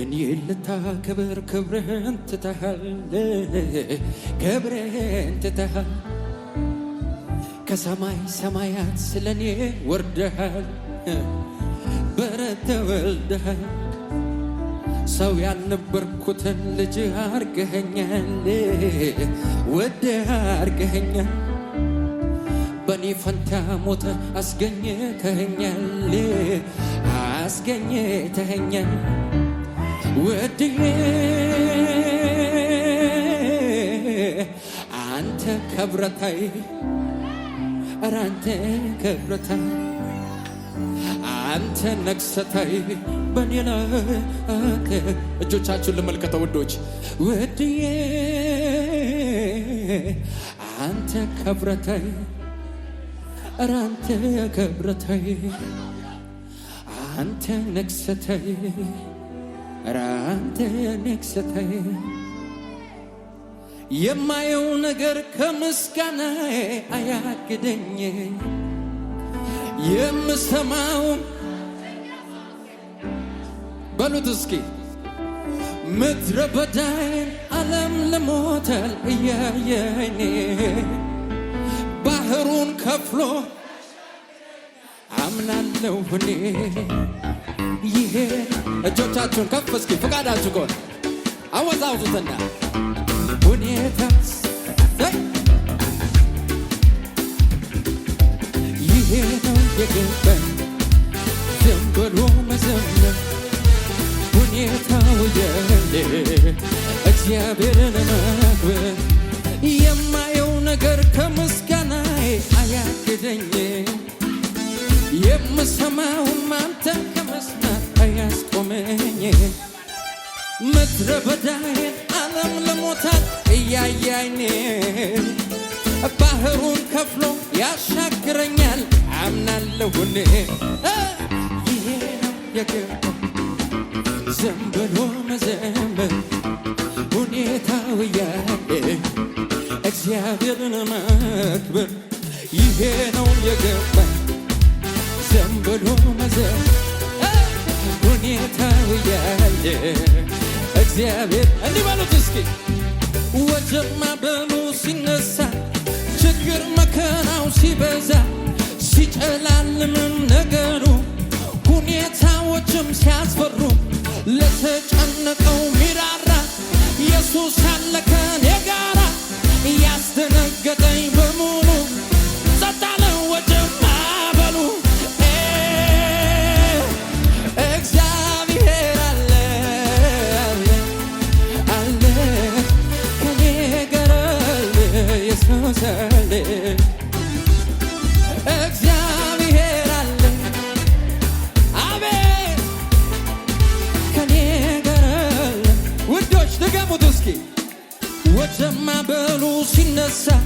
እኔ ልታከብር ክብርህን ትተሃል፣ ክብርህን ትተሃል። ከሰማይ ሰማያት ስለ እኔ ወርደሃል፣ በረት ተወልደሃል። ሰው ያልነበርኩትን ልጅ አርገኸኛል፣ ወደ አርገኸኛል። በእኔ ፈንታ ሞተ አስገኘተኸኛል፣ አስገኘ አስገኘተኸኛል ውድዬ አንተ ከብረታይ ኧረ አንተ ከብረታይ አንተ ነግሰታይ በኔ ላይ እጆቻችሁን ልመልከተ ውዶች ውድዬ አንተ ከብረታይ ኧረ አንተ ከብረታይ አንተ ነግሰታይ ራንተ ንግሥተ የማየው ነገር ከምስጋና አያግደኝ የምሰማው በሉት እስኪ ምድረ በዳይን ዓለም ለሞተል እያየኔ ባህሩን ከፍሎ አምናለሁ እኔ ይሄ እጆቻችሁን ከፍ እስኪ ፍቃዳችሁ ከሆነ አወዛውዙትና ሁኔታ ይሄ ነው የገ ዝም ብሎ መዘመር ሁኔታው እያለ እግዚአብሔርን ማክበር ይሄ ነው የገባኝ። ዝም ብሎ መዘመር ሁኔታው እያለ እግዚአብሔር እንዲህ በሉት እስኪ ወጀብ ማዕበሉ ሲነሳ ችግር መከራው ሲበዛ ሲጨላልምም ነገሩ ሁኔታዎችም ሲያስፈሩ ለተጨነቀው ሚራራ ኢየሱስ አለ የጋራ ጋራ answer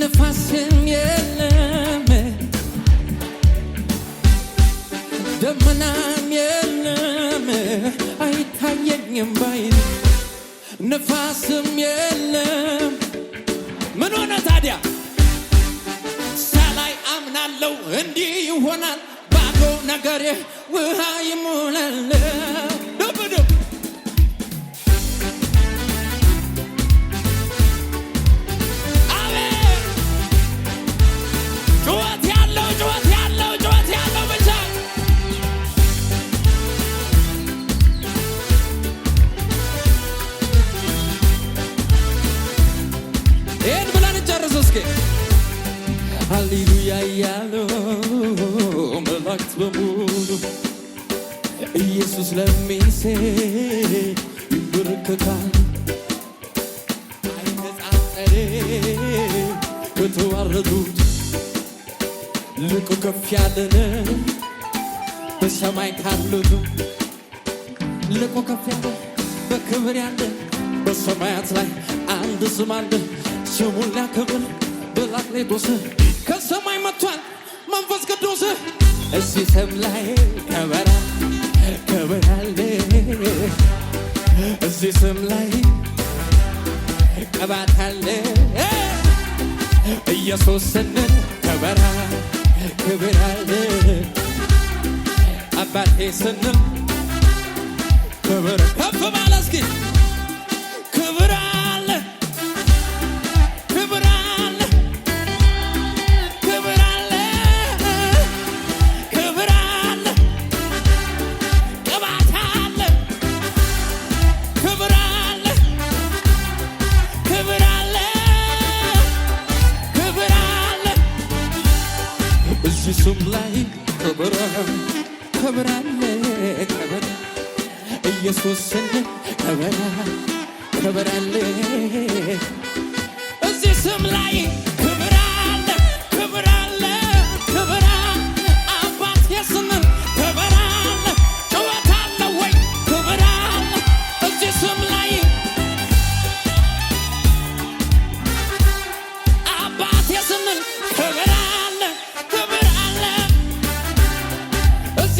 ንፋስም የለም ደመናም የለም አይታየኝም ባይል ንፋስም የለም ምን ሆነ ታዲያ ሳላይ አምናለው እንዲህ ይሆናል ባዶ ነገር ውሃ ይሞላል ትልቁ ከፍ ያለን በሰማይ ካሉት ትልቁ ከፍ ያለ በክብር ያለ በሰማያት ላይ አንድ ስም አለ ስሙን ሊያከብር በላክሌጦስ ከሰማይ መጥቷል መንፈስ ቅዱስ እስቲ ሰም ላይ ከበራ ከበራለ እስቲ ስም ላይ ቀባታለ ኢየሱስን ከበራ ክብር አለ አባቴ ስንል ክብር ከፍ ማለ እስኪ ላይ ክብር ክብር አለ ክብር ኢየሱስ ክብር እዚህ ስም ላይ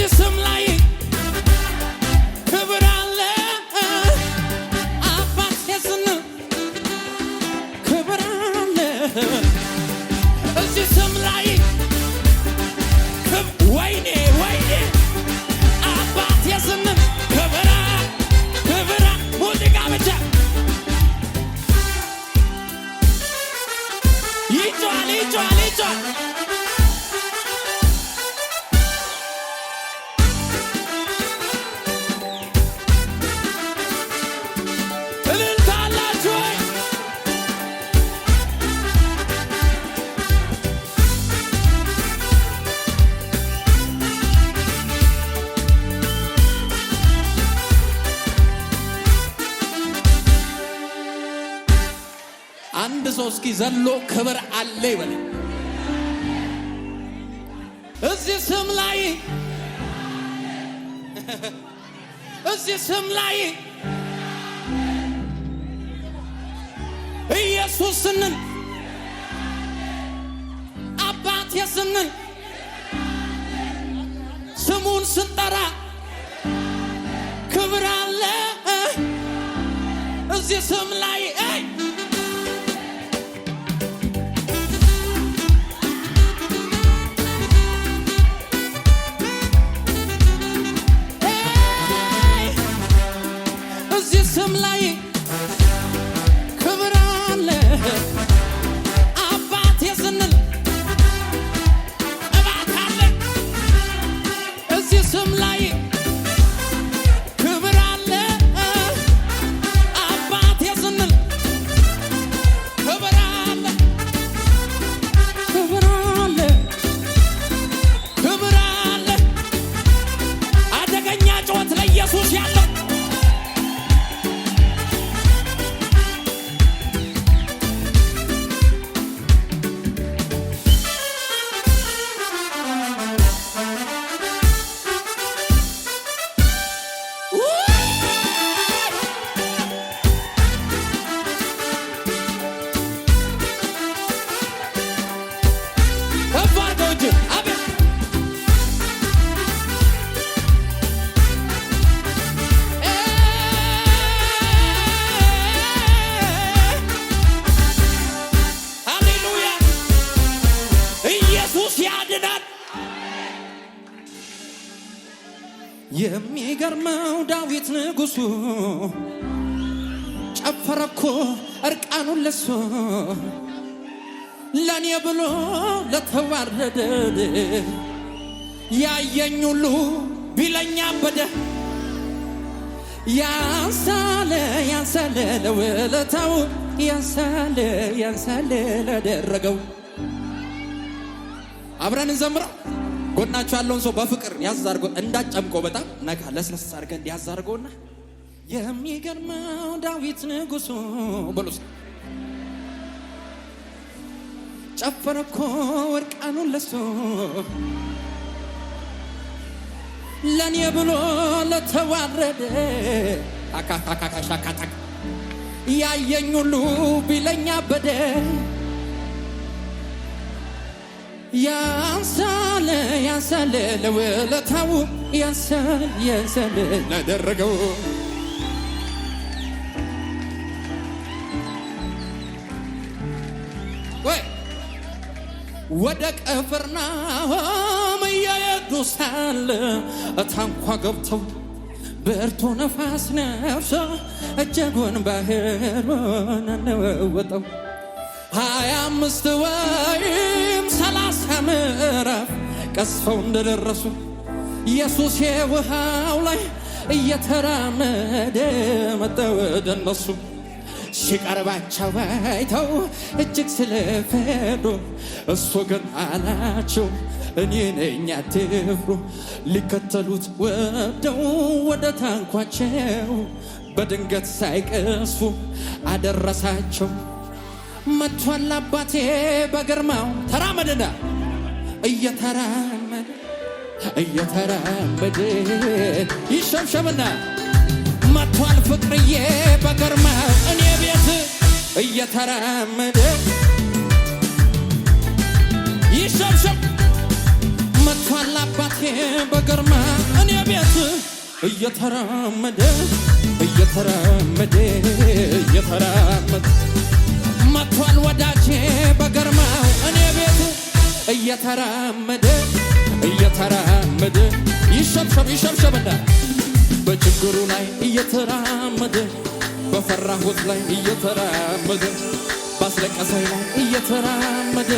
some ዘሎ ክብር አለ ይበለ እዚህ ስም ላይ እዚህ ስም ላይ ኢየሱስ ስንል አባቴ ስንል ስሙን ስንጠራ ክብር አለ እዚህ ስም ላይ some light. የሚገርመው ዳዊት ንጉሱ ጨፈረኮ እርቃኑን ለሱ ለእኔ ብሎ ለተዋረደ ያየኝ ሁሉ ቢለኛ በደ ያንሳለ ያንሳለ ለውለታው ያንሳለ ያንሳለ ለደረገው አብረን እንዘምረው ጎናችሁ ያለውን ሰው በፍቅር ያዝ አድርጎ እንዳጨምቆ በጣም ነካ ለስለስ አድርገን ያዝ አድርጎና የሚገርመው ዳዊት ንጉሱ በሉስ ጨፈረ እኮ ወርቃኑን ለሱ ለኔ ብሎ ለተዋረደ አካካካሻካታ ያየኝ ሁሉ ቢለኛ በደ ያንሳ ያንሳል ያንሳል ለውለታው ያንሳል ያንሳል ላደረገው ወደ ቅፍርናሆም እየሄዱ ሳለ ታንኳ ገብተው ብርቱ ነፋስ ነፍሶ እጀጎን ባህሩን አነወጠው ሀያ አምስት ወይም ሰላሳ ምዕራፍ ቀስፈው እንደደረሱ ኢየሱስ የውሃው ላይ እየተራመደ መጣ ወደ እነሱ ሲቀርባቸው አይተው እጅግ ስለፈዶ እሱ ግን አላቸው እኔ ነኝ አትፍሩ። ሊከተሉት ወደው ወደ ታንኳቸው በድንገት ሳይቀስፉ አደረሳቸው። መቷል አባቴ በግርማው ተራመደና እየተራመደ እየተራመደ ይሸብሸብና መቷል ፍቅርዬ በገርማ እኔ ቤት እየተራመደ ይሸብሸብ መቷል አባቴ በገርማ እኔ ቤት እየተራመደ እየተራመደ እየተራመደ መቷል ወዳጄ በገርማ እየተራመደ እየተራመደ ይሸብሸብ ይሸብሸብና በችግሩ ላይ እየተራመደ በፈራሁት ላይ እየተራመደ ባስለቀሰኝ ላይ እየተራመደ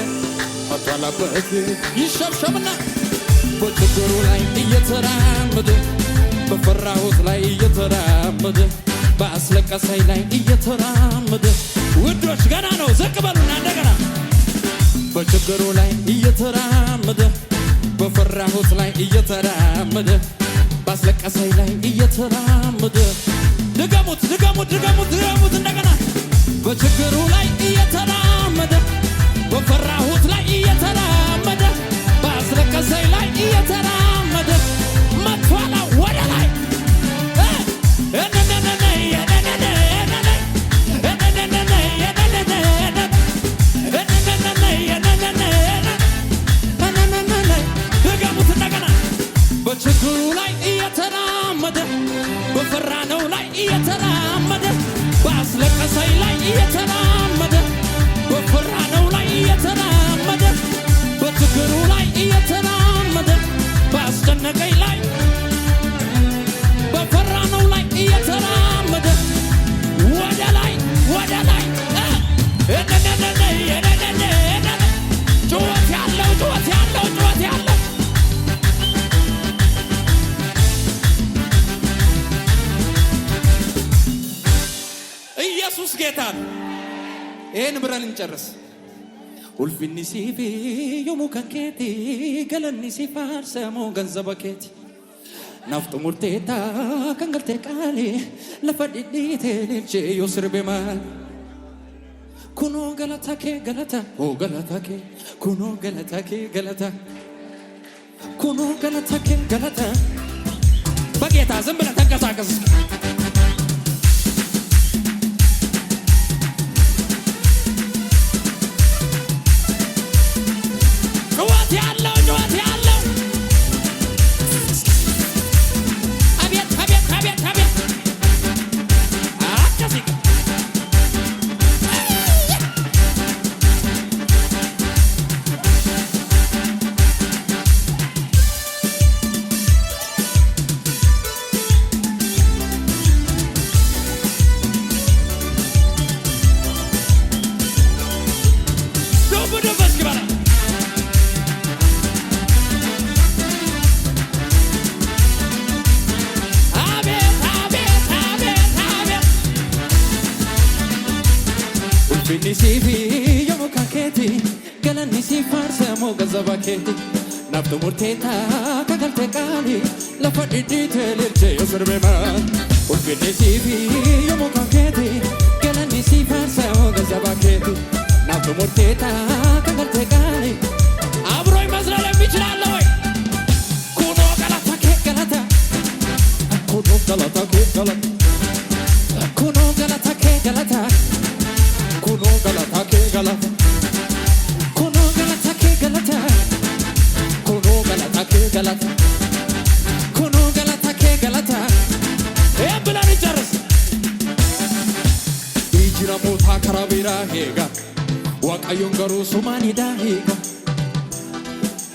አቷላበት ይሸብሸብና በችግሩ ላይ እየተራመደ በፈራሁት ላይ እየተራመደ በአስለቀሰኝ ላይ እየተራመደ ውዶች ገና ነው ዘቅ በሉና እንደገና በችግሩ ላይ እየተራመደ በፈራሁት ላይ እየተራመደ ባስለቀሰኝ ላይ እየተራመደ ድገሙት ድገሙት ድገሙት ድገሙት እንደገና በችግሩ ላይ እየተራመደ በፈራሁት ላይ እየተራመደ ባስለቀሰኝ ላይ እየተራመደ ጌታ ነው። ይህን ብረን እንጨርስ። ሲፊ የሙከኬቲ ገለኒ ሰሞ ገንዘበኬቲ ናፍጡ ሙርቴታ ከንገልቴ ቃሌ ለፈዲዲቴ ዮስር ዮስርቤማል ኩኖ ገለታኬ ገለታ ኬ ኩኖ ኬ ገለታ ኩኖ ኬ ገለታ በጌታ ዝም ብለህ ተንቀሳቀስ። saba keeti naaf murteetta kakkalte qaali lafa dhidhiite lirje yoo sirbeema ulfinni siifi yommuu kan keeti galanni si faarsa hooga saba keeti naaf murteetta jijjiiramoota karaa biraa eega waaqayyoon garuu sumaanidhaa eega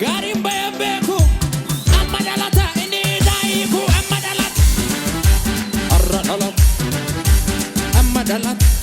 gaariin bayan beeku amma dhalata inni daa'iku amma dhalata har'a dhalata amma dhalata